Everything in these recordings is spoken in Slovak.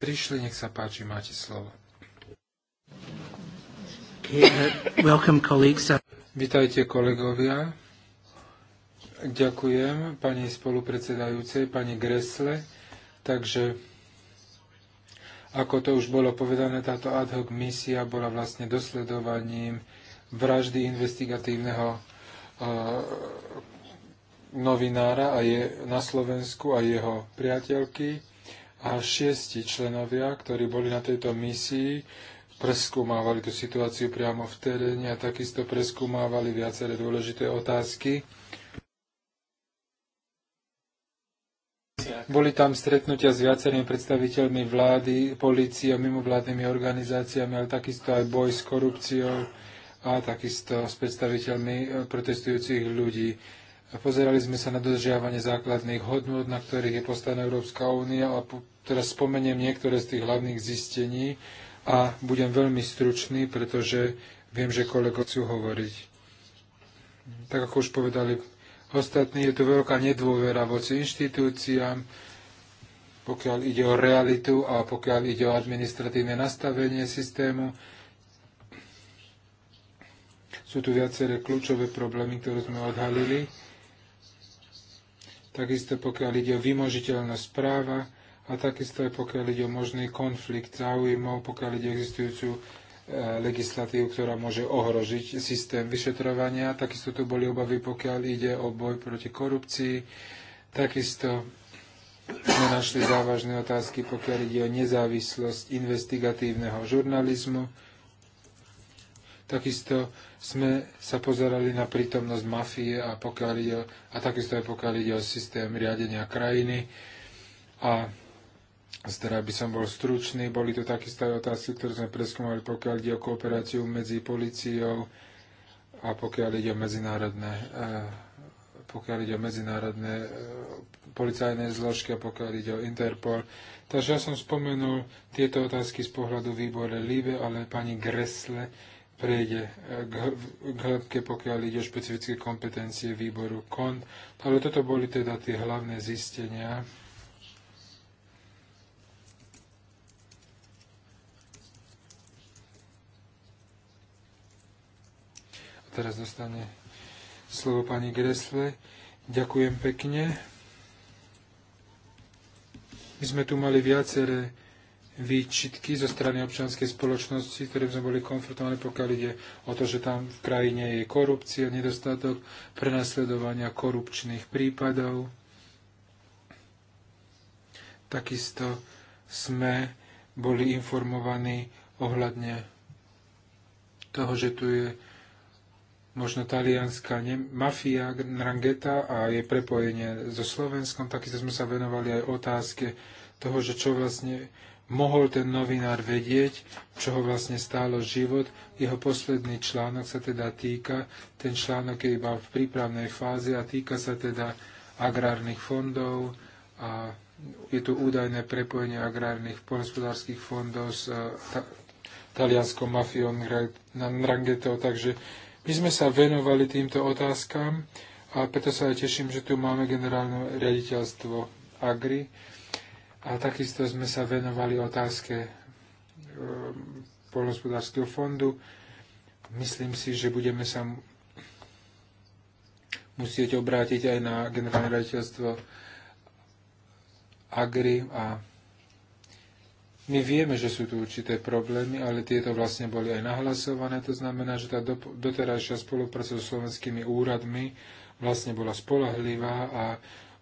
prišli. Nech sa páči, máte slovo. Welcome, colleagues. Vítajte, kolegovia. Ďakujem pani spolupredsedajúcej, pani Gresle. Takže, ako to už bolo povedané, táto ad hoc misia bola vlastne dosledovaním vraždy investigatívneho uh, novinára a je na Slovensku a jeho priateľky a šiesti členovia, ktorí boli na tejto misii, preskúmávali tú situáciu priamo v teréne a takisto preskúmávali viaceré dôležité otázky. Boli tam stretnutia s viacerými predstaviteľmi vlády, polície, mimovládnymi organizáciami, ale takisto aj boj s korupciou a takisto s predstaviteľmi protestujúcich ľudí. Pozerali sme sa na dodržiavanie základných hodnôt, na ktorých je postavená Európska únia a teraz spomeniem niektoré z tých hlavných zistení a budem veľmi stručný, pretože viem, že kolego chcú hovoriť. Tak ako už povedali ostatní, je tu veľká nedôvera voci inštitúciám, pokiaľ ide o realitu a pokiaľ ide o administratívne nastavenie systému. Sú tu viaceré kľúčové problémy, ktoré sme odhalili takisto pokiaľ ide o vymožiteľnosť práva a takisto aj pokiaľ ide o možný konflikt záujmov, pokiaľ ide o existujúcu e, legislatívu, ktorá môže ohrožiť systém vyšetrovania. Takisto tu boli obavy, pokiaľ ide o boj proti korupcii. Takisto sme našli závažné otázky, pokiaľ ide o nezávislosť investigatívneho žurnalizmu. Takisto sme sa pozerali na prítomnosť mafie a, pokiaľ ide, a takisto aj pokiaľ ide o systém riadenia krajiny. A teda by som bol stručný, boli to takisto aj otázky, ktoré sme preskúmali, pokiaľ ide o kooperáciu medzi policiou a pokiaľ ide o medzinárodné, eh, pokiaľ ide o medzinárodné eh, policajné zložky a pokiaľ ide o Interpol. Takže ja som spomenul tieto otázky z pohľadu výbore Líbe, ale pani Gresle prejde eh, k, k hĺbke, pokiaľ ide o špecifické kompetencie výboru KON. Ale toto boli teda tie hlavné zistenia. A teraz dostane slovo pani Gresle. Ďakujem pekne. My sme tu mali viaceré výčitky zo strany občianskej spoločnosti, ktoré sme boli konfrontovaní, pokiaľ ide o to, že tam v krajine je korupcia, nedostatok prenasledovania korupčných prípadov. Takisto sme boli informovaní ohľadne toho, že tu je možno talianská mafia rangeta a jej prepojenie so Slovenskom. Takisto sme sa venovali aj otázke toho, že čo vlastne mohol ten novinár vedieť, čo ho vlastne stálo život. Jeho posledný článok sa teda týka, ten článok je iba v prípravnej fáze a týka sa teda agrárnych fondov a je tu údajné prepojenie agrárnych pohospodárských fondov s e, ta, talianskou mafiou na Nrangeto, takže my sme sa venovali týmto otázkam a preto sa aj teším, že tu máme generálne riaditeľstvo Agri, a takisto sme sa venovali otázke e, poľnohospodárskeho fondu. Myslím si, že budeme sa musieť obrátiť aj na generálne raditeľstvo Agri a my vieme, že sú tu určité problémy, ale tieto vlastne boli aj nahlasované. To znamená, že tá doterajšia spolupráca so slovenskými úradmi vlastne bola spolahlivá a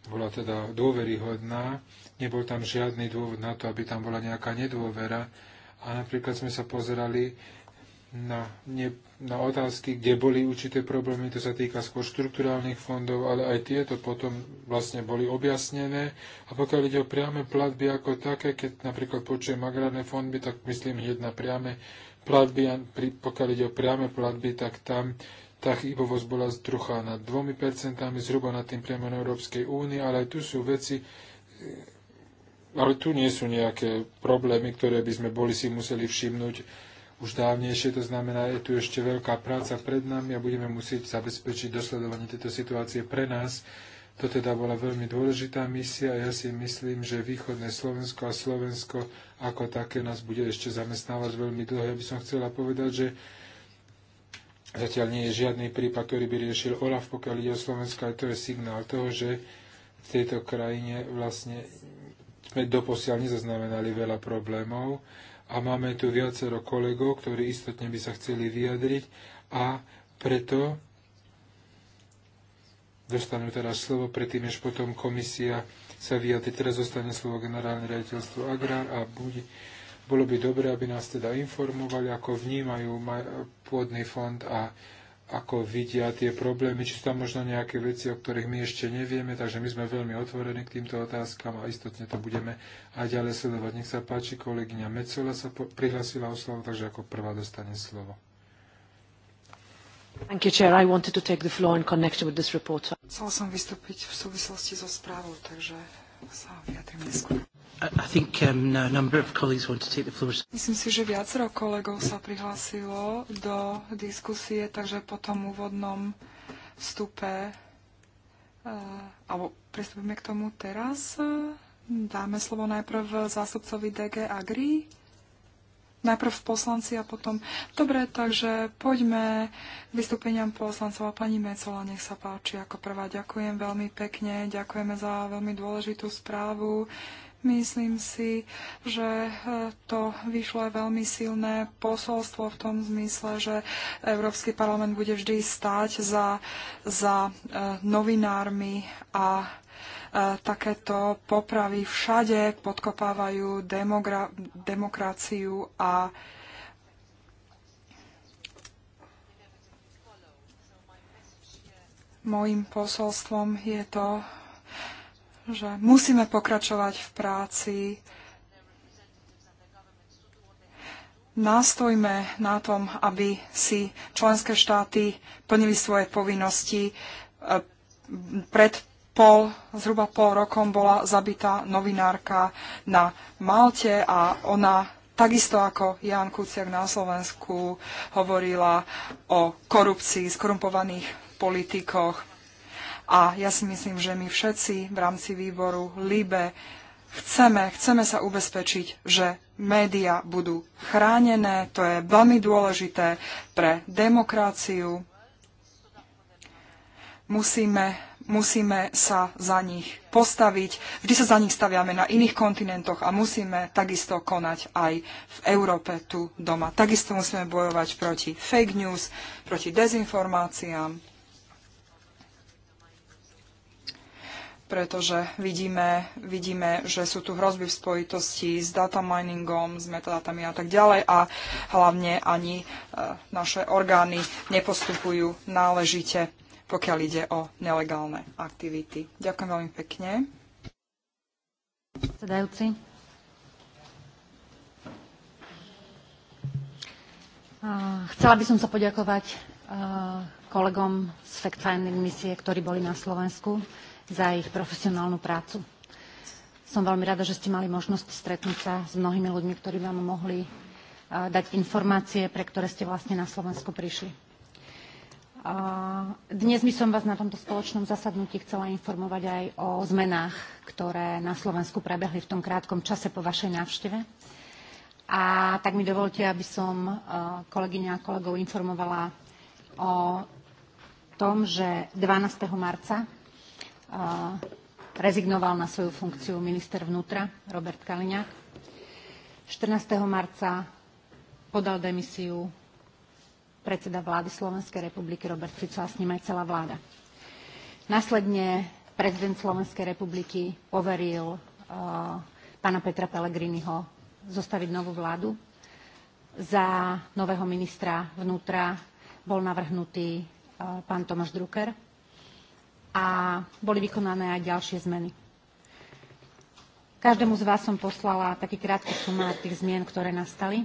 bola teda dôveryhodná. Nebol tam žiadny dôvod na to, aby tam bola nejaká nedôvera. A napríklad sme sa pozerali na, ne, na otázky, kde boli určité problémy, to sa týka skôr štrukturálnych fondov, ale aj tieto potom vlastne boli objasnené. A pokiaľ ide o priame platby ako také, keď napríklad počujem agrárne fondy, tak myslím hneď na priame platby, a pri, pokiaľ ide o priame platby, tak tam tá chybovosť bola trocha nad 2%, zhruba nad tým priamom Európskej únie, ale aj tu sú veci, ale tu nie sú nejaké problémy, ktoré by sme boli si museli všimnúť už dávnejšie. To znamená, je tu ešte veľká práca pred nami a budeme musieť zabezpečiť dosledovanie tejto situácie pre nás. To teda bola veľmi dôležitá misia a ja si myslím, že východné Slovensko a Slovensko ako také nás bude ešte zamestnávať veľmi dlho. Ja by som chcela povedať, že zatiaľ nie je žiadny prípad, ktorý by riešil OLAF, pokiaľ ide o Slovensko, a to je signál toho, že v tejto krajine vlastne sme doposiaľ nezaznamenali veľa problémov a máme tu viacero kolegov, ktorí istotne by sa chceli vyjadriť a preto dostanú teraz slovo, predtým, než potom komisia sa vyjadri. Teraz zostane slovo generálne riaditeľstvo Agrár a bude, bolo by dobre, aby nás teda informovali, ako vnímajú pôdny fond a ako vidia tie problémy, či sú tam možno nejaké veci, o ktorých my ešte nevieme, takže my sme veľmi otvorení k týmto otázkam a istotne to budeme aj ďalej sledovať. Nech sa páči, kolegyňa Mecola sa prihlasila o slovo, takže ako prvá dostane slovo. Thank you, Chair. I wanted to take the floor in connection with this report. Chcela som vystúpiť v súvislosti so správou, takže sa vyjadrím neskôr. Um, no, Myslím si, že viacero kolegov sa prihlásilo do diskusie, takže po tom úvodnom vstupe, eh, alebo pristúpime k tomu teraz, dáme slovo najprv zástupcovi DG Agri, najprv poslanci a potom... Dobre, takže poďme vystúpeniam poslancov a pani Mecola, nech sa páči ako prvá. Ďakujem veľmi pekne, ďakujeme za veľmi dôležitú správu. Uh, Myslím si, že e, to vyšlo veľmi silné posolstvo v tom zmysle, že Európsky parlament bude vždy stáť za, za e, novinármi a e, takéto popravy všade podkopávajú demogra- demokraciu a Mojím posolstvom je to, že musíme pokračovať v práci. Nástojme na tom, aby si členské štáty plnili svoje povinnosti. E, pred pol, zhruba pol rokom bola zabitá novinárka na Malte a ona takisto ako Jan Kuciak na Slovensku hovorila o korupcii, skorumpovaných politikoch a ja si myslím, že my všetci v rámci výboru LIBE chceme, chceme sa ubezpečiť, že médiá budú chránené. To je veľmi dôležité pre demokraciu. Musíme, musíme sa za nich postaviť. Vždy sa za nich staviame na iných kontinentoch a musíme takisto konať aj v Európe tu doma. Takisto musíme bojovať proti fake news, proti dezinformáciám pretože vidíme, vidíme, že sú tu hrozby v spojitosti s data miningom, s metadatami a tak ďalej a hlavne ani e, naše orgány nepostupujú náležite, pokiaľ ide o nelegálne aktivity. Ďakujem veľmi pekne. Sedajúci. Chcela by som sa poďakovať kolegom z Fact Finding misie, ktorí boli na Slovensku za ich profesionálnu prácu. Som veľmi rada, že ste mali možnosť stretnúť sa s mnohými ľuďmi, ktorí vám mohli eh, dať informácie, pre ktoré ste vlastne na Slovensku prišli. Dnes by som vás na tomto spoločnom zasadnutí chcela informovať aj o zmenách, ktoré na Slovensku prebehli v tom krátkom čase po vašej návšteve. A tak mi dovolte, aby som eh, kolegyňa a kolegov informovala o tom, že 12. marca rezignoval na svoju funkciu minister vnútra Robert Kaliňák. 14. marca podal demisiu predseda vlády Slovenskej republiky Robert Fico a s ním aj celá vláda. Následne prezident Slovenskej republiky poveril uh, pána Petra Pellegriniho zostaviť novú vládu. Za nového ministra vnútra bol navrhnutý uh, pán Tomáš Drucker a boli vykonané aj ďalšie zmeny. Každému z vás som poslala taký krátky sumár tých zmien, ktoré nastali.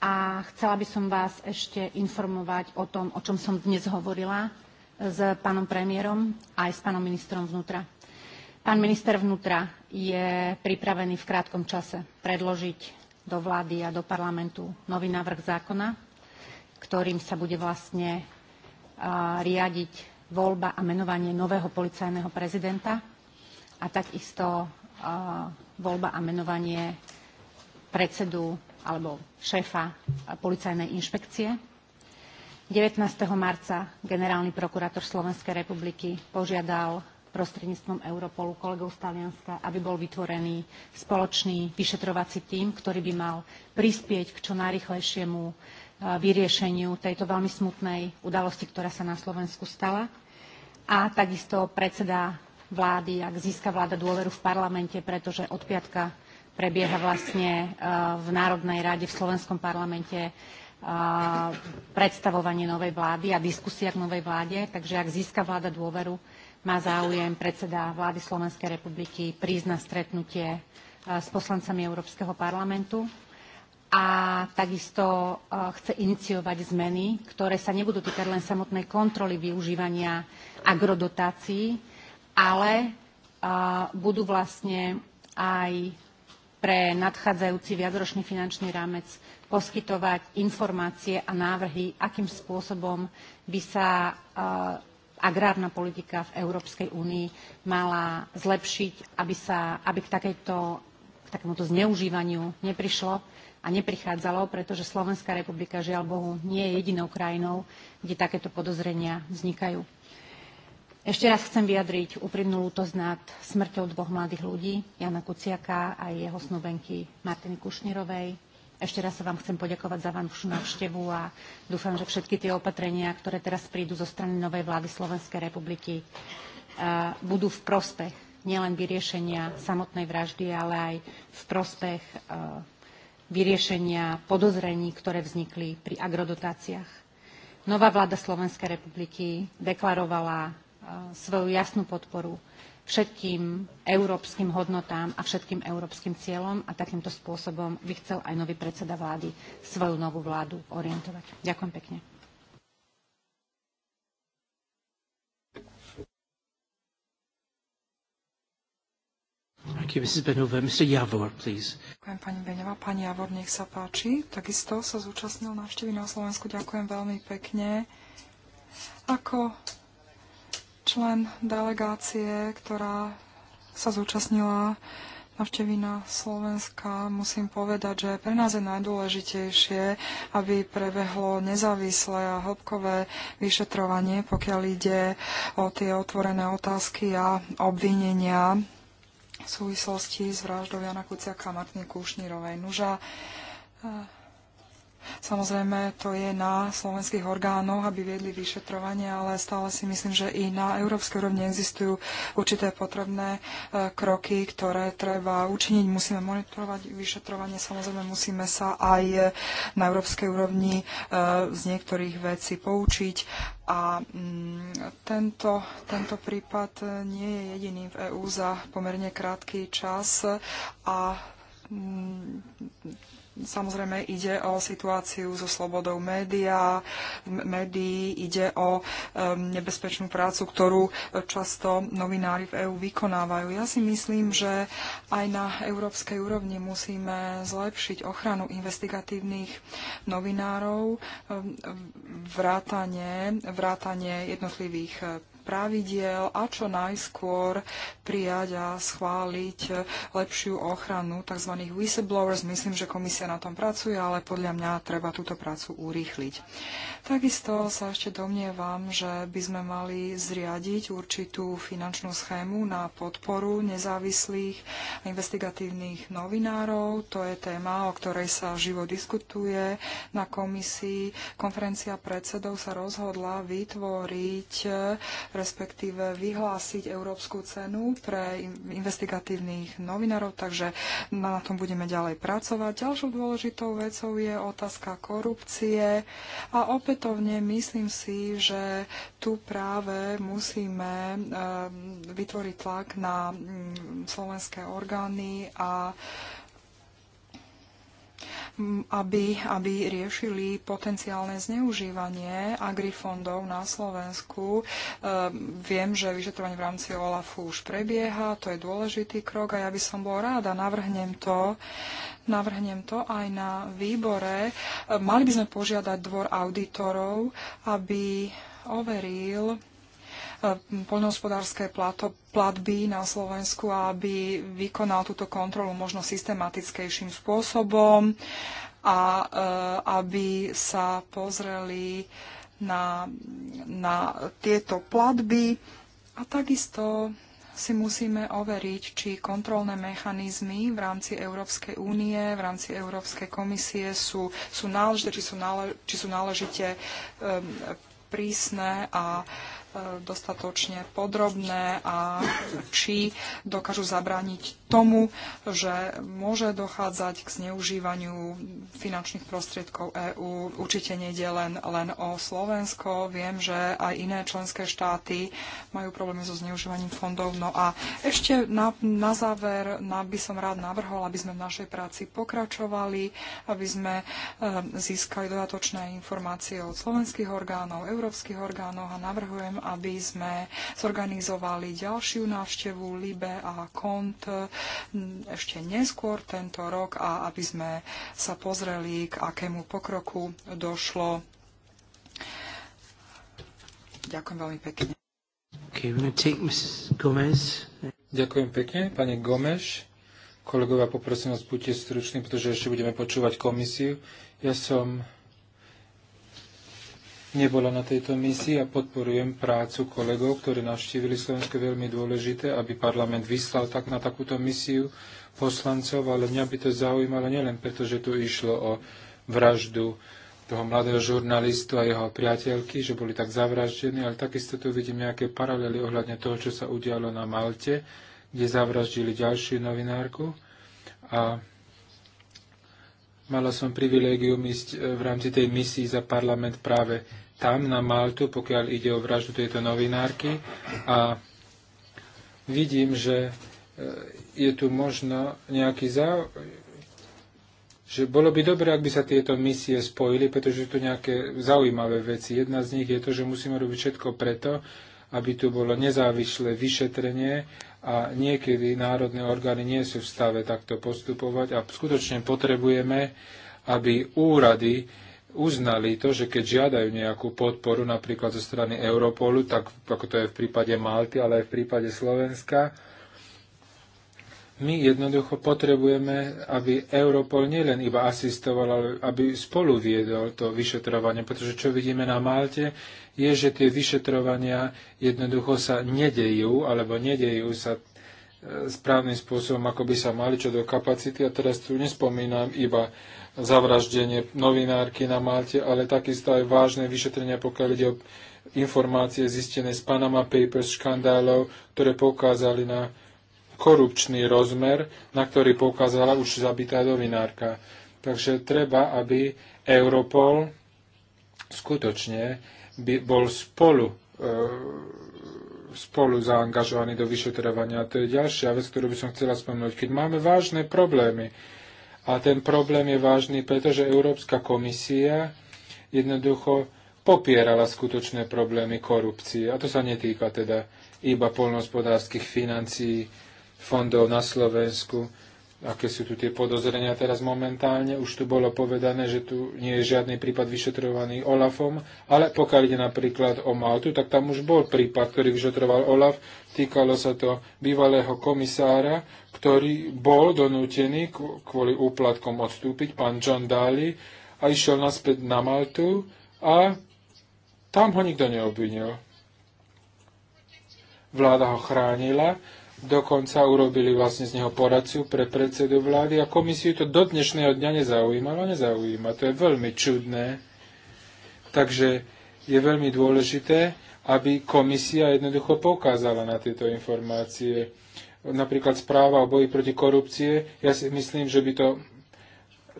A chcela by som vás ešte informovať o tom, o čom som dnes hovorila s pánom premiérom a aj s pánom ministrom vnútra. Pán minister vnútra je pripravený v krátkom čase predložiť do vlády a do parlamentu nový návrh zákona, ktorým sa bude vlastne riadiť voľba a menovanie nového policajného prezidenta a takisto voľba a menovanie predsedu alebo šéfa policajnej inšpekcie. 19. marca generálny prokurátor Slovenskej republiky požiadal prostredníctvom Europolu kolegov z Talianska, aby bol vytvorený spoločný vyšetrovací tím, ktorý by mal prispieť k čo najrychlejšiemu vyriešeniu tejto veľmi smutnej udalosti, ktorá sa na Slovensku stala. A takisto predseda vlády, ak získa vláda dôveru v parlamente, pretože od piatka prebieha vlastne e, v Národnej rade v Slovenskom parlamente e, predstavovanie novej vlády a diskusia k novej vláde. Takže ak získa vláda dôveru, má záujem predseda vlády Slovenskej republiky prísť na stretnutie e, s poslancami Európskeho parlamentu a takisto e, chce iniciovať zmeny, ktoré sa nebudú týkať len samotnej kontroly využívania agrodotácií, ale e, budú vlastne aj pre nadchádzajúci viacročný finančný rámec poskytovať informácie a návrhy, akým spôsobom by sa e, agrárna politika v Európskej únii mala zlepšiť, aby, sa, aby k, takejto, k takémuto zneužívaniu neprišlo a neprichádzalo, pretože Slovenská republika, žiaľ Bohu, nie je jedinou krajinou, kde takéto podozrenia vznikajú. Ešte raz chcem vyjadriť úprimnú lútosť nad smrťou dvoch mladých ľudí, Jana Kuciaka a jeho snubenky Martiny Kušnirovej. Ešte raz sa vám chcem poďakovať za vašu návštevu a dúfam, že všetky tie opatrenia, ktoré teraz prídu zo strany novej vlády Slovenskej republiky, e, budú v prospech nielen vyriešenia samotnej vraždy, ale aj v prospech e, vyriešenia podozrení, ktoré vznikli pri agrodotáciách. Nová vláda Slovenskej republiky deklarovala e, svoju jasnú podporu všetkým európskym hodnotám a všetkým európskym cieľom a takýmto spôsobom by chcel aj nový predseda vlády svoju novú vládu orientovať. Ďakujem pekne. Thank you, Mrs. Benova. Mr. Javor, please. Ďakujem, pani Benova. Pani Javor, nech sa páči. Takisto sa zúčastnil návštevy na Slovensku. Ďakujem veľmi pekne. Ako člen delegácie, ktorá sa zúčastnila návštevy Slovenska, musím povedať, že pre nás je najdôležitejšie, aby prebehlo nezávislé a hĺbkové vyšetrovanie, pokiaľ ide o tie otvorené otázky a obvinenia v súvislosti s vraždou Jana Kuciaka a Martiny Kúšnírovej. Nuža, Samozrejme, to je na slovenských orgánoch, aby viedli vyšetrovanie, ale stále si myslím, že i na európskej úrovni existujú určité potrebné e, kroky, ktoré treba učiniť. Musíme monitorovať vyšetrovanie, samozrejme musíme sa aj na európskej úrovni e, z niektorých vecí poučiť a mm, tento, tento prípad nie je jediný v EÚ za pomerne krátky čas a mm, Samozrejme ide o situáciu so slobodou médiá, médií, ide o um, nebezpečnú prácu, ktorú často novinári v EÚ vykonávajú. Ja si myslím, že aj na európskej úrovni musíme zlepšiť ochranu investigatívnych novinárov, vrátanie, vrátanie jednotlivých pravidiel a čo najskôr prijať a schváliť lepšiu ochranu tzv. whistleblowers. Myslím, že komisia na tom pracuje, ale podľa mňa treba túto prácu urýchliť. Takisto sa ešte domnievam, že by sme mali zriadiť určitú finančnú schému na podporu nezávislých a investigatívnych novinárov. To je téma, o ktorej sa živo diskutuje na komisii. Konferencia predsedov sa rozhodla vytvoriť respektíve vyhlásiť európsku cenu pre investigatívnych novinárov, takže na tom budeme ďalej pracovať. Ďalšou dôležitou vecou je otázka korupcie a opätovne myslím si, že tu práve musíme ehm, vytvoriť tlak na mm, slovenské orgány a aby, aby riešili potenciálne zneužívanie agrifondov na Slovensku. E, viem, že vyšetrovanie v rámci OLAFu už prebieha, to je dôležitý krok a ja by som bol ráda, navrhnem to, navrhnem to aj na výbore. E, mali by sme požiadať dvor auditorov, aby overil E, poľnohospodárske platby na Slovensku, aby vykonal túto kontrolu možno systematickejším spôsobom a e, aby sa pozreli na, na tieto platby. A takisto si musíme overiť, či kontrolné mechanizmy v rámci Európskej únie, v rámci Európskej komisie sú, sú náležité, či sú, nále, či sú náležite um, prísne a dostatočne podrobné a či dokážu zabrániť tomu, že môže dochádzať k zneužívaniu finančných prostriedkov EÚ. Určite nejde len, len o Slovensko. Viem, že aj iné členské štáty majú problémy so zneužívaním fondov. No a ešte na, na záver na, by som rád navrhol, aby sme v našej práci pokračovali, aby sme e, získali dodatočné informácie od slovenských orgánov, európskych orgánov a navrhujem, aby sme zorganizovali ďalšiu návštevu Libe a Kont ešte neskôr tento rok a aby sme sa pozreli, k akému pokroku došlo. Ďakujem veľmi pekne. Ďakujem pekne, pani Gomeš. Kolegovia, poprosím vás, buďte struční, pretože ešte budeme počúvať komisiu. Ja som nebola na tejto misii a podporujem prácu kolegov, ktorí navštívili Slovensko veľmi dôležité, aby parlament vyslal tak na takúto misiu poslancov, ale mňa by to zaujímalo nielen preto, že tu išlo o vraždu toho mladého žurnalistu a jeho priateľky, že boli tak zavraždení, ale takisto tu vidím nejaké paralely ohľadne toho, čo sa udialo na Malte, kde zavraždili ďalšiu novinárku. A Mala som privilégium ísť e, v rámci tej misii za parlament práve tam, na Maltu, pokiaľ ide o vraždu tejto novinárky. A vidím, že e, je tu možno nejaký zau... že bolo by dobré, ak by sa tieto misie spojili, pretože sú tu nejaké zaujímavé veci. Jedna z nich je to, že musíme robiť všetko preto, aby tu bolo nezávislé vyšetrenie a niekedy národné orgány nie sú v stave takto postupovať a skutočne potrebujeme, aby úrady uznali to, že keď žiadajú nejakú podporu napríklad zo strany Europolu, tak ako to je v prípade Malty, ale aj v prípade Slovenska, my jednoducho potrebujeme, aby Europol nielen iba asistoval, ale aby spolu viedol to vyšetrovanie, pretože čo vidíme na Malte, je, že tie vyšetrovania jednoducho sa nedejú, alebo nedejú sa e, správnym spôsobom, ako by sa mali čo do kapacity. A teraz tu nespomínam iba zavraždenie novinárky na Malte, ale takisto aj vážne vyšetrenia, pokiaľ ide o informácie zistené z Panama Papers škandálov, ktoré poukázali na korupčný rozmer, na ktorý poukázala už zabitá novinárka. Takže treba, aby Europol skutočne by bol spolu, e, spolu zaangažovaný do vyšetrovania. A to je ďalšia vec, ktorú by som chcela spomenúť. Keď máme vážne problémy, a ten problém je vážny, pretože Európska komisia jednoducho popierala skutočné problémy korupcie. A to sa netýka teda iba polnospodárských financií, fondov na Slovensku, aké sú tu tie podozrenia teraz momentálne. Už tu bolo povedané, že tu nie je žiadny prípad vyšetrovaný OLAFom, ale pokiaľ ide napríklad o Maltu, tak tam už bol prípad, ktorý vyšetroval OLAF. Týkalo sa to bývalého komisára, ktorý bol donútený kvôli úplatkom odstúpiť, pán John Daly, a išiel naspäť na Maltu a tam ho nikto neobvinil. Vláda ho chránila, dokonca urobili vlastne z neho poradcu pre predsedu vlády a komisiu to do dnešného dňa nezaujímalo, nezaujíma. To je veľmi čudné. Takže je veľmi dôležité, aby komisia jednoducho poukázala na tieto informácie. Napríklad správa o boji proti korupcie, ja si myslím, že by to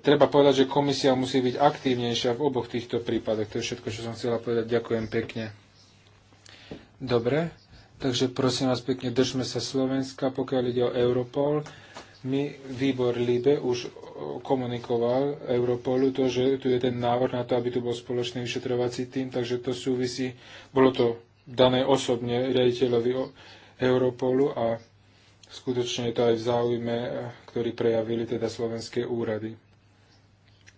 treba povedať, že komisia musí byť aktívnejšia v oboch týchto prípadoch. To je všetko, čo som chcela povedať. Ďakujem pekne. Dobre. Takže prosím vás pekne, držme sa Slovenska, pokiaľ ide o Europol. My, výbor LIBE, už komunikoval Europolu to, že tu je ten návrh na to, aby tu bol spoločný vyšetrovací tým, takže to súvisí, bolo to dané osobne riaditeľovi Europolu a skutočne je to aj v záujme, ktorý prejavili teda slovenské úrady.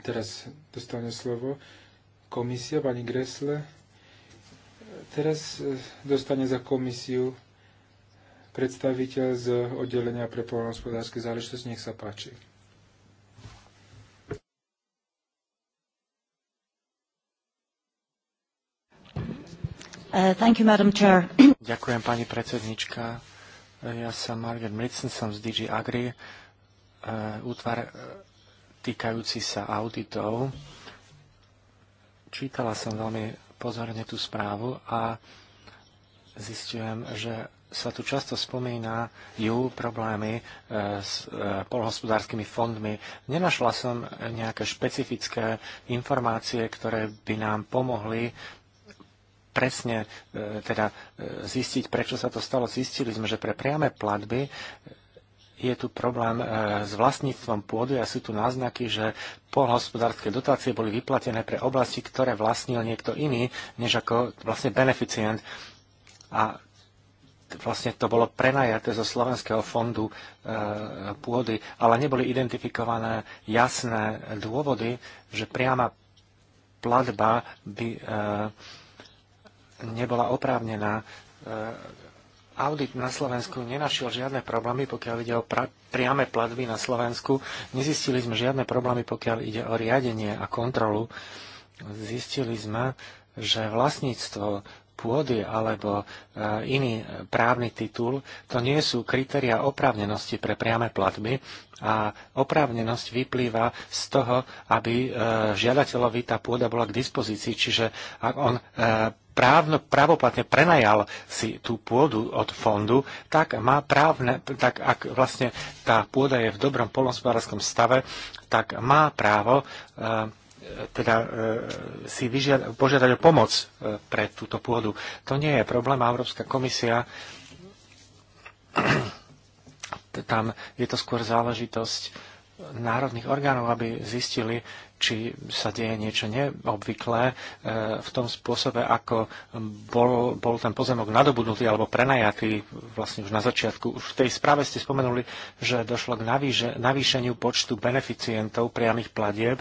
Teraz dostane slovo komisia, pani Gresle. Teraz e, dostane za komisiu predstaviteľ z oddelenia pre poľnohospodárske záležitosti. Nech sa páči. Uh, you, Ďakujem, pani predsednička. E, ja som Margaret Mritzen, som z DG Agri, e, útvar týkajúci sa auditov. Čítala som veľmi pozorne tú správu a zistujem, že sa tu často spomína ju problémy e, s e, polhospodárskymi fondmi. Nenašla som nejaké špecifické informácie, ktoré by nám pomohli presne e, teda zistiť, prečo sa to stalo. Zistili sme, že pre priame platby je tu problém e, s vlastníctvom pôdy a sú tu náznaky, že polhospodárske dotácie boli vyplatené pre oblasti, ktoré vlastnil niekto iný, než ako vlastne beneficient. A vlastne to bolo prenajaté zo Slovenského fondu e, pôdy, ale neboli identifikované jasné dôvody, že priama platba by e, nebola oprávnená. E, audit na Slovensku nenašiel žiadne problémy, pokiaľ ide o pra- priame platby na Slovensku. Nezistili sme žiadne problémy, pokiaľ ide o riadenie a kontrolu. Zistili sme, že vlastníctvo pôdy alebo e, iný právny titul, to nie sú kritéria oprávnenosti pre priame platby a oprávnenosť vyplýva z toho, aby e, žiadateľovi tá pôda bola k dispozícii, čiže ak on e, právno, právoplatne prenajal si tú pôdu od fondu, tak má právne, tak ak vlastne tá pôda je v dobrom polnospodárskom stave, tak má právo teda e, si vyžiad požiadať o pomoc e, pre túto pôdu. To nie je problém a Európska komisia tam je to skôr záležitosť národných orgánov, aby zistili, či sa deje niečo neobvyklé e, v tom spôsobe, ako bol, bol ten pozemok nadobudnutý alebo prenajatý vlastne už na začiatku. Už v tej správe ste spomenuli, že došlo k navýšeniu počtu beneficientov priamých platieb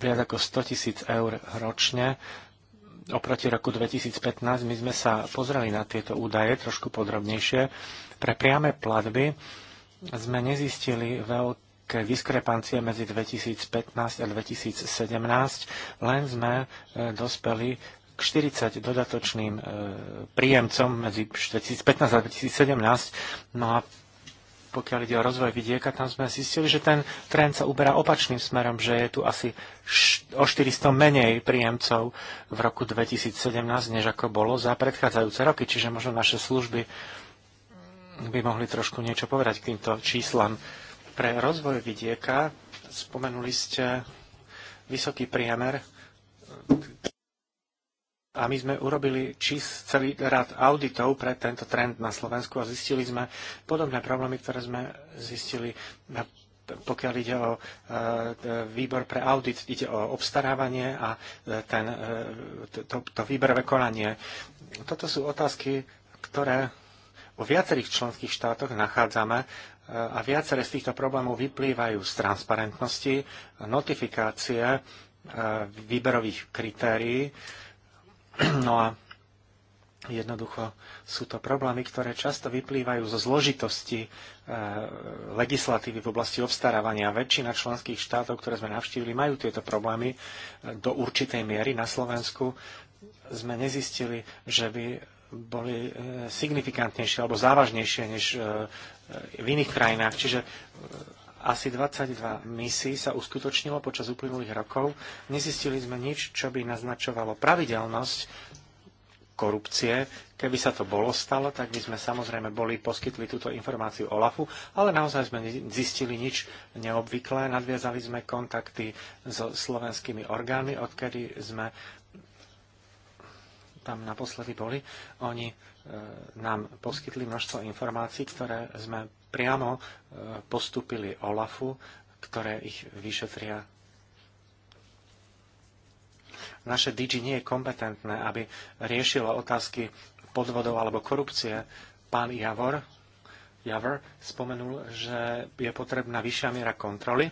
viac ako 100 tisíc eur ročne. Oproti roku 2015 my sme sa pozreli na tieto údaje trošku podrobnejšie. Pre priame platby sme nezistili veľké diskrepancie medzi 2015 a 2017, len sme e, dospeli k 40 dodatočným e, príjemcom medzi 2015 a 2017. No a pokiaľ ide o rozvoj vidieka, tam sme zistili, že ten trend sa uberá opačným smerom, že je tu asi o 400 menej príjemcov v roku 2017, než ako bolo za predchádzajúce roky. Čiže možno naše služby by mohli trošku niečo povedať k týmto číslam. Pre rozvoj vidieka spomenuli ste vysoký priemer a my sme urobili čist, celý rad auditov pre tento trend na Slovensku a zistili sme podobné problémy, ktoré sme zistili pokiaľ ide o e, výbor pre audit, ide o obstarávanie a e, ten, e, to, to výberové konanie. Toto sú otázky, ktoré vo viacerých členských štátoch nachádzame a viaceré z týchto problémov vyplývajú z transparentnosti, notifikácie výberových kritérií, No a jednoducho sú to problémy, ktoré často vyplývajú zo zložitosti e, legislatívy v oblasti obstarávania. Väčšina členských štátov, ktoré sme navštívili, majú tieto problémy e, do určitej miery. Na Slovensku sme nezistili, že by boli e, signifikantnejšie alebo závažnejšie než e, v iných krajinách. Čiže asi 22 misií sa uskutočnilo počas uplynulých rokov. Nezistili sme nič, čo by naznačovalo pravidelnosť korupcie. Keby sa to bolo stalo, tak by sme samozrejme boli poskytli túto informáciu OLAFu, ale naozaj sme zistili nič neobvyklé. Nadviazali sme kontakty so slovenskými orgánmi, odkedy sme tam naposledy boli. Oni e, nám poskytli množstvo informácií, ktoré sme priamo e, postúpili OLAFu, ktoré ich vyšetria. Naše DG nie je kompetentné, aby riešilo otázky podvodov alebo korupcie. Pán Javor, Javor spomenul, že je potrebná vyššia miera kontroly,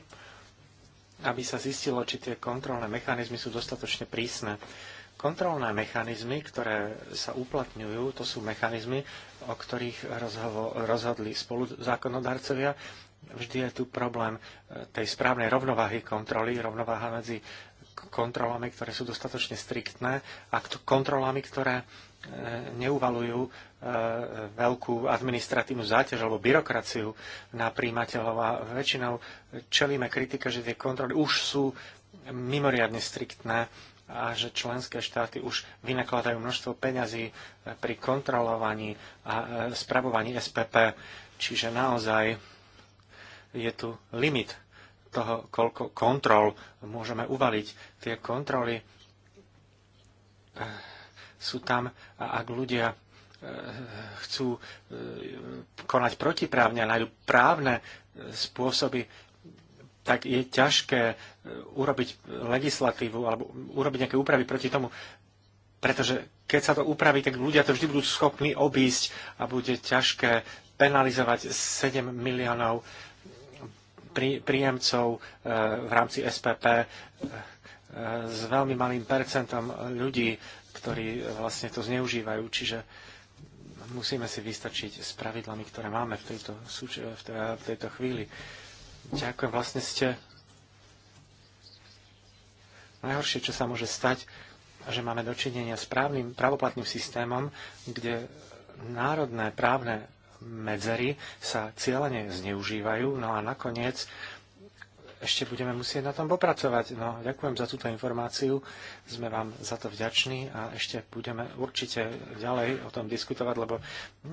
aby sa zistilo, či tie kontrolné mechanizmy sú dostatočne prísne. Kontrolné mechanizmy, ktoré sa uplatňujú, to sú mechanizmy, o ktorých rozhodli spoluzákonodarcovia. Vždy je tu problém e, tej správnej rovnováhy kontroly, rovnováha medzi kontrolami, ktoré sú dostatočne striktné a kontrolami, ktoré e, neuvalujú e, veľkú administratívnu záťaž alebo byrokraciu na príjimateľov a väčšinou čelíme kritike, že tie kontroly už sú mimoriadne striktné a že členské štáty už vynakladajú množstvo peňazí e, pri kontrolovaní a e, spravovaní SPP. Čiže naozaj je tu limit toho, koľko kontrol môžeme uvaliť. Tie kontroly e, sú tam a ak ľudia chcú konať protiprávne a nájdu právne spôsoby, tak je ťažké e, urobiť legislatívu alebo urobiť nejaké úpravy proti tomu, pretože keď sa to upraví, tak ľudia to vždy budú schopní obísť a bude ťažké penalizovať 7 miliónov prí, príjemcov e, v rámci SPP e, s veľmi malým percentom ľudí, ktorí vlastne to zneužívajú. Čiže musíme si vystačiť s pravidlami, ktoré máme v tejto, v tejto chvíli. Ďakujem, vlastne ste najhoršie, čo sa môže stať, že máme dočinenia s právnym, právoplatným systémom, kde národné právne medzery sa cieľene zneužívajú, no a nakoniec ešte budeme musieť na tom popracovať. No, ďakujem za túto informáciu, sme vám za to vďační a ešte budeme určite ďalej o tom diskutovať, lebo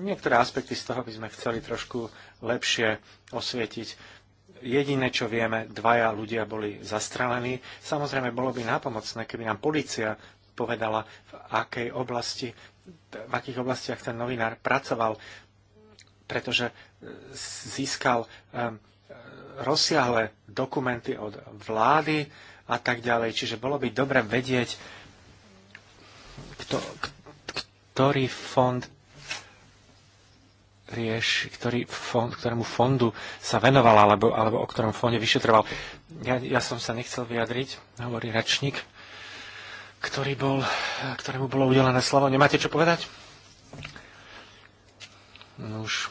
niektoré aspekty z toho by sme chceli trošku lepšie osvietiť jediné, čo vieme, dvaja ľudia boli zastrelení. Samozrejme, bolo by nápomocné, keby nám policia povedala, v akej oblasti, v akých oblastiach ten novinár pracoval, pretože e, získal e, rozsiahle dokumenty od vlády a tak ďalej. Čiže bolo by dobre vedieť, kto, ktorý fond rieš, ktorý fond, ktorému fondu sa venoval, alebo, alebo o ktorom fonde vyšetroval. Ja, ja som sa nechcel vyjadriť, hovorí račník, ktorý bol, ktorému bolo udelené slovo. Nemáte čo povedať? No už.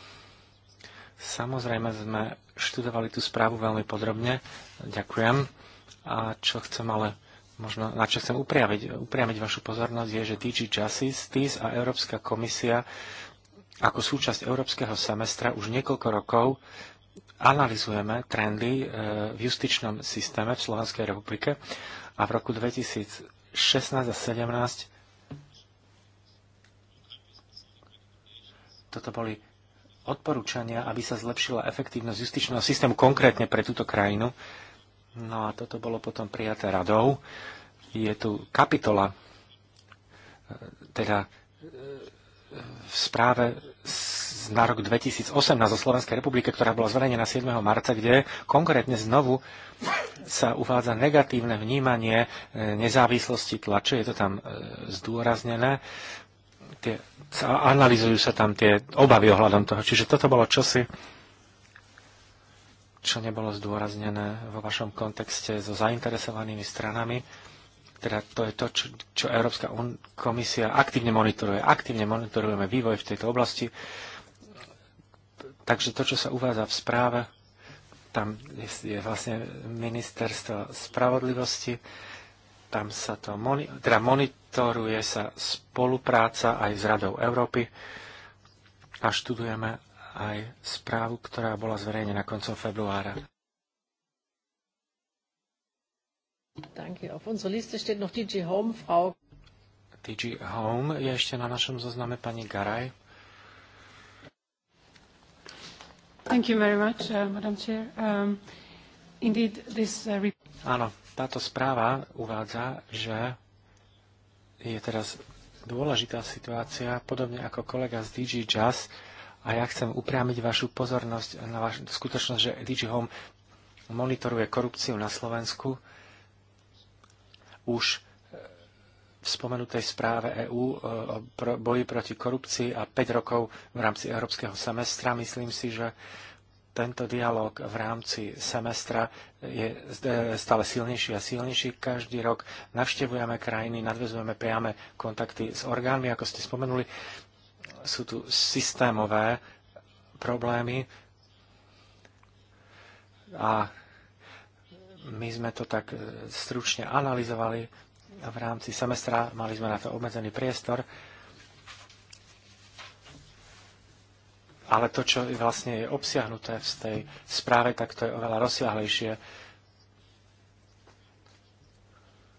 Samozrejme sme študovali tú správu veľmi podrobne. Ďakujem. A čo chcem ale možno, na čo chcem upriamiť, upriamiť vašu pozornosť, je, že DG Justice, TIS a Európska komisia ako súčasť európskeho semestra už niekoľko rokov analizujeme trendy e, v justičnom systéme v Slovenskej republike a v roku 2016 a 2017 toto boli odporúčania, aby sa zlepšila efektívnosť justičného systému konkrétne pre túto krajinu. No a toto bolo potom prijaté radou. Je tu kapitola, e, teda e, v správe na rok 2018 o Slovenskej republike, ktorá bola zverejnená 7. marca, kde konkrétne znovu sa uvádza negatívne vnímanie e, nezávislosti tlače, je to tam e, zdôraznené, tie, analizujú sa tam tie obavy ohľadom toho. Čiže toto bolo čosi, čo nebolo zdôraznené vo vašom kontexte so zainteresovanými stranami. Teda to je to, čo, čo Európska komisia aktívne monitoruje. Aktívne monitorujeme vývoj v tejto oblasti Takže to, čo sa uvádza v správe, tam je, je vlastne ministerstvo spravodlivosti, tam sa to moni- teda monitoruje sa spolupráca aj s Radou Európy a študujeme aj správu, ktorá bola zverejnená koncom februára. Danke. Auf unserer Liste steht noch DG Home, Frau. DG Home je ešte na našom zozname pani Garaj. Uh, um, uh, Áno, táto správa uvádza, že je teraz dôležitá situácia, podobne ako kolega z DG Jazz, a ja chcem upriamiť vašu pozornosť na vašu skutočnosť, že DG Home monitoruje korupciu na Slovensku už v spomenutej správe EÚ e, o boji proti korupcii a 5 rokov v rámci európskeho semestra. Myslím si, že tento dialog v rámci semestra je e, stále silnejší a silnejší. Každý rok navštevujeme krajiny, nadvezujeme priame kontakty s orgánmi, ako ste spomenuli. Sú tu systémové problémy a my sme to tak e, stručne analyzovali v rámci semestra, mali sme na to obmedzený priestor, ale to, čo vlastne je obsiahnuté v tej správe, tak to je oveľa rozsiahlejšie.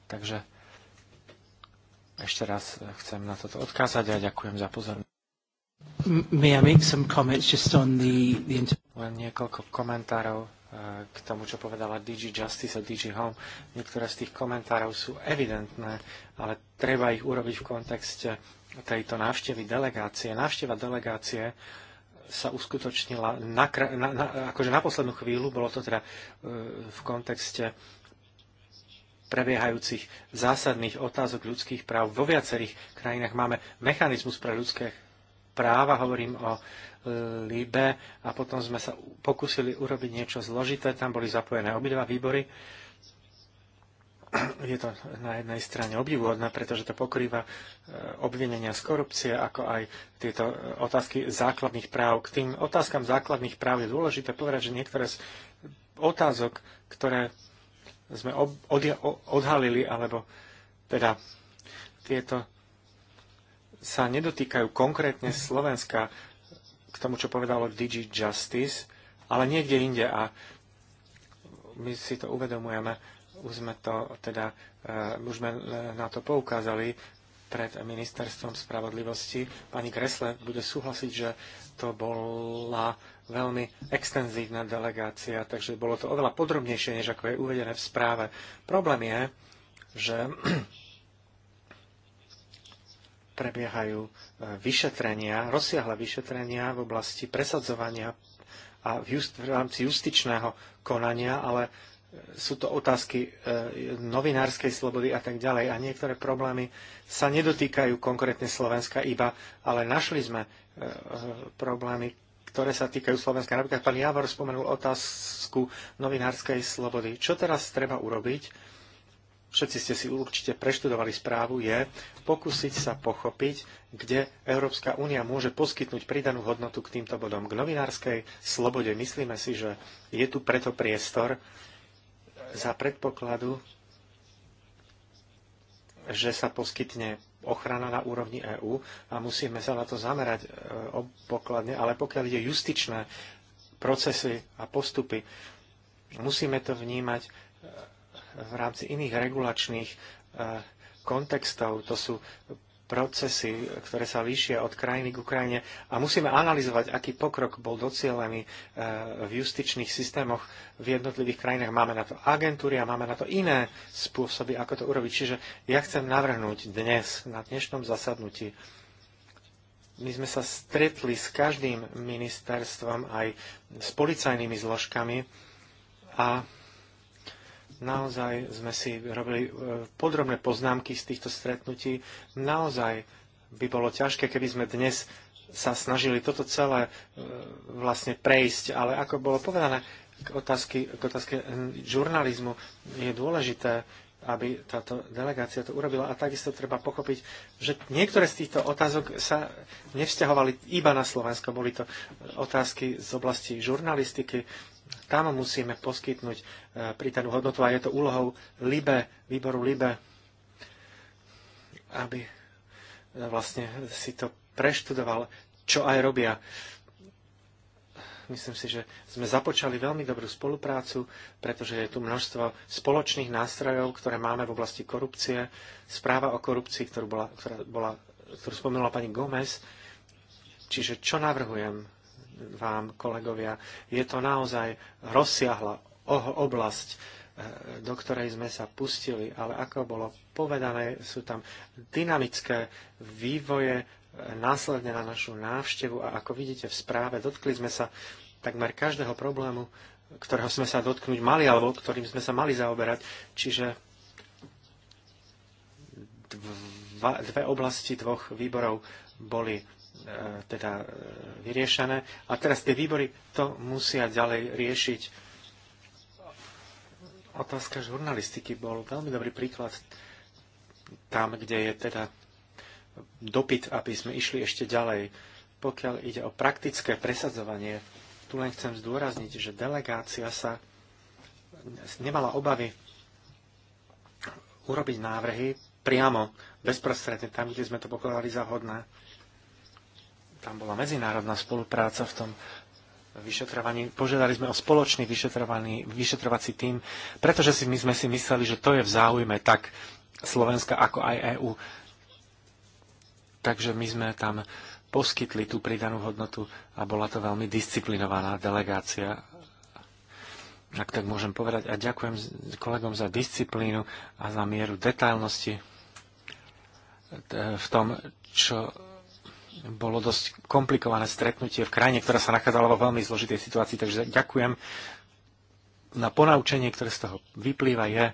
Takže ešte raz chcem na toto odkázať a ďakujem za pozornosť. May I make some comments just on the, the... Len niekoľko komentárov k tomu, čo povedala DG Justice a DG Home. Niektoré z tých komentárov sú evidentné, ale treba ich urobiť v kontexte tejto návštevy delegácie. Návšteva delegácie sa uskutočnila na, na, na, akože na poslednú chvíľu, bolo to teda e, v kontexte prebiehajúcich zásadných otázok ľudských práv. Vo viacerých krajinách máme mechanizmus pre ľudské práva, hovorím o e, Libe a potom sme sa pokúsili urobiť niečo zložité, tam boli zapojené obidva výbory. Je to na jednej strane obdivuhodné, pretože to pokrýva e, obvinenia z korupcie, ako aj tieto e, otázky základných práv. K tým otázkam základných práv je dôležité povedať, že niektoré z otázok, ktoré sme odhalili, alebo teda tieto sa nedotýkajú konkrétne Slovenska k tomu, čo povedalo DG Justice, ale niekde inde a my si to uvedomujeme, už sme to teda, eh, už sme eh, na to poukázali pred ministerstvom spravodlivosti. Pani Kresle bude súhlasiť, že to bola veľmi extenzívna delegácia, takže bolo to oveľa podrobnejšie, než ako je uvedené v správe. Problém je, že prebiehajú e, vyšetrenia, rozsiahle vyšetrenia v oblasti presadzovania a v, just, v rámci justičného konania, ale e, sú to otázky e, novinárskej slobody a tak ďalej. A niektoré problémy sa nedotýkajú konkrétne Slovenska iba, ale našli sme e, e problémy, ktoré sa týkajú Slovenska. Napríklad pán Javor spomenul otázku novinárskej slobody. Čo teraz treba urobiť? všetci ste si určite preštudovali správu, je pokúsiť sa pochopiť, kde Európska únia môže poskytnúť pridanú hodnotu k týmto bodom. K novinárskej slobode myslíme si, že je tu preto priestor za predpokladu, že sa poskytne ochrana na úrovni EÚ a musíme sa na to zamerať pokladne, e, ale pokiaľ ide justičné procesy a postupy, musíme to vnímať e, v rámci iných regulačných e, kontextov. To sú procesy, ktoré sa líšia od krajiny k Ukrajine a musíme analyzovať, aký pokrok bol docielený e, v justičných systémoch v jednotlivých krajinách. Máme na to agentúry a máme na to iné spôsoby, ako to urobiť. Čiže ja chcem navrhnúť dnes, na dnešnom zasadnutí, my sme sa stretli s každým ministerstvom, aj s policajnými zložkami a Naozaj sme si robili e, podrobné poznámky z týchto stretnutí. Naozaj by bolo ťažké, keby sme dnes sa snažili toto celé e, vlastne prejsť, ale ako bolo povedané, k, otázky, k otázke žurnalizmu je dôležité, aby táto delegácia to urobila. A takisto treba pochopiť, že niektoré z týchto otázok sa nevzťahovali iba na Slovensko. Boli to otázky z oblasti žurnalistiky, tam musíme poskytnúť e, pridanú hodnotu a je to úlohou LIBE, výboru LIBE, aby e, vlastne si to preštudoval, čo aj robia. Myslím si, že sme započali veľmi dobrú spoluprácu, pretože je tu množstvo spoločných nástrojov, ktoré máme v oblasti korupcie. Správa o korupcii, ktorú, bola, ktorá bola, ktorú spomenula pani Gomez. Čiže čo navrhujem? vám, kolegovia. Je to naozaj rozsiahla oblasť, eh, do ktorej sme sa pustili, ale ako bolo povedané, sú tam dynamické vývoje eh, následne na našu návštevu a ako vidíte v správe, dotkli sme sa takmer každého problému, ktorého sme sa dotknúť mali alebo ktorým sme sa mali zaoberať. Čiže dva, dve oblasti dvoch výborov boli E, teda e, vyriešené. A teraz tie výbory to musia ďalej riešiť. Otázka žurnalistiky bol veľmi dobrý príklad tam, kde je teda dopyt, aby sme išli ešte ďalej. Pokiaľ ide o praktické presadzovanie, tu len chcem zdôrazniť, že delegácia sa nemala obavy urobiť návrhy priamo, bezprostredne tam, kde sme to pokladali za hodné tam bola medzinárodná spolupráca v tom vyšetrovaní. Požiadali sme o spoločný vyšetrovací tým, pretože si my sme si mysleli, že to je v záujme tak Slovenska ako aj EÚ. Takže my sme tam poskytli tú pridanú hodnotu a bola to veľmi disciplinovaná delegácia, ak tak môžem povedať. A ďakujem kolegom za disciplínu a za mieru detailnosti v tom, čo bolo dosť komplikované stretnutie v krajine, ktorá sa nachádzala vo veľmi zložitej situácii, takže ďakujem. Na ponaučenie, ktoré z toho vyplýva, je,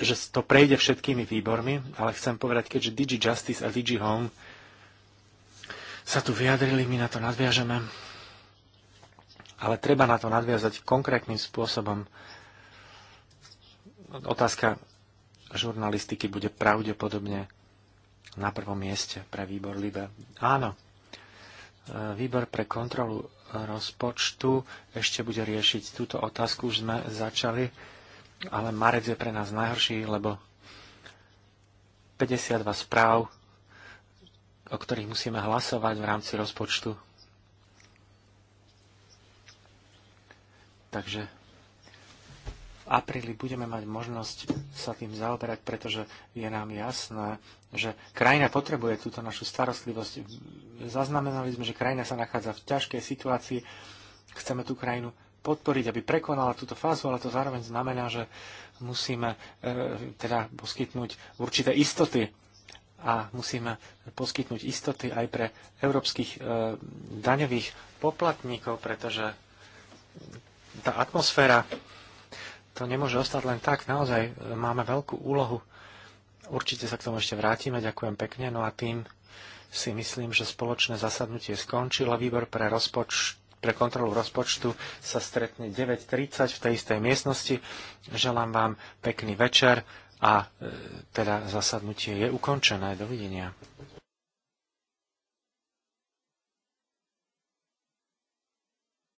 že to prejde všetkými výbormi, ale chcem povedať, keďže Digi Justice a Digi Home sa tu vyjadrili, my na to nadviažeme, ale treba na to nadviazať konkrétnym spôsobom. Otázka žurnalistiky bude pravdepodobne na prvom mieste pre výbor LIBE. Áno, e, výbor pre kontrolu rozpočtu ešte bude riešiť túto otázku, už sme začali, ale marec je pre nás najhorší, lebo 52 správ, o ktorých musíme hlasovať v rámci rozpočtu. Takže apríli budeme mať možnosť sa tým zaoberať, pretože je nám jasné, že krajina potrebuje túto našu starostlivosť. Zaznamenali sme, že krajina sa nachádza v ťažkej situácii. Chceme tú krajinu podporiť, aby prekonala túto fázu, ale to zároveň znamená, že musíme e, teda poskytnúť určité istoty a musíme poskytnúť istoty aj pre európskych e, daňových poplatníkov, pretože tá atmosféra to nemôže ostať len tak. Naozaj e, máme veľkú úlohu. Určite sa k tomu ešte vrátime. Ďakujem pekne. No a tým si myslím, že spoločné zasadnutie skončilo. Výbor pre, rozpoč- pre kontrolu rozpočtu sa stretne 9.30 v tej istej miestnosti. Želám vám pekný večer a e, teda zasadnutie je ukončené. Dovidenia.